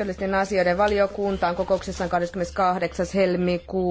oikeudellisten asioiden valiokuntaan kokouksessaan 28. helmikuuta.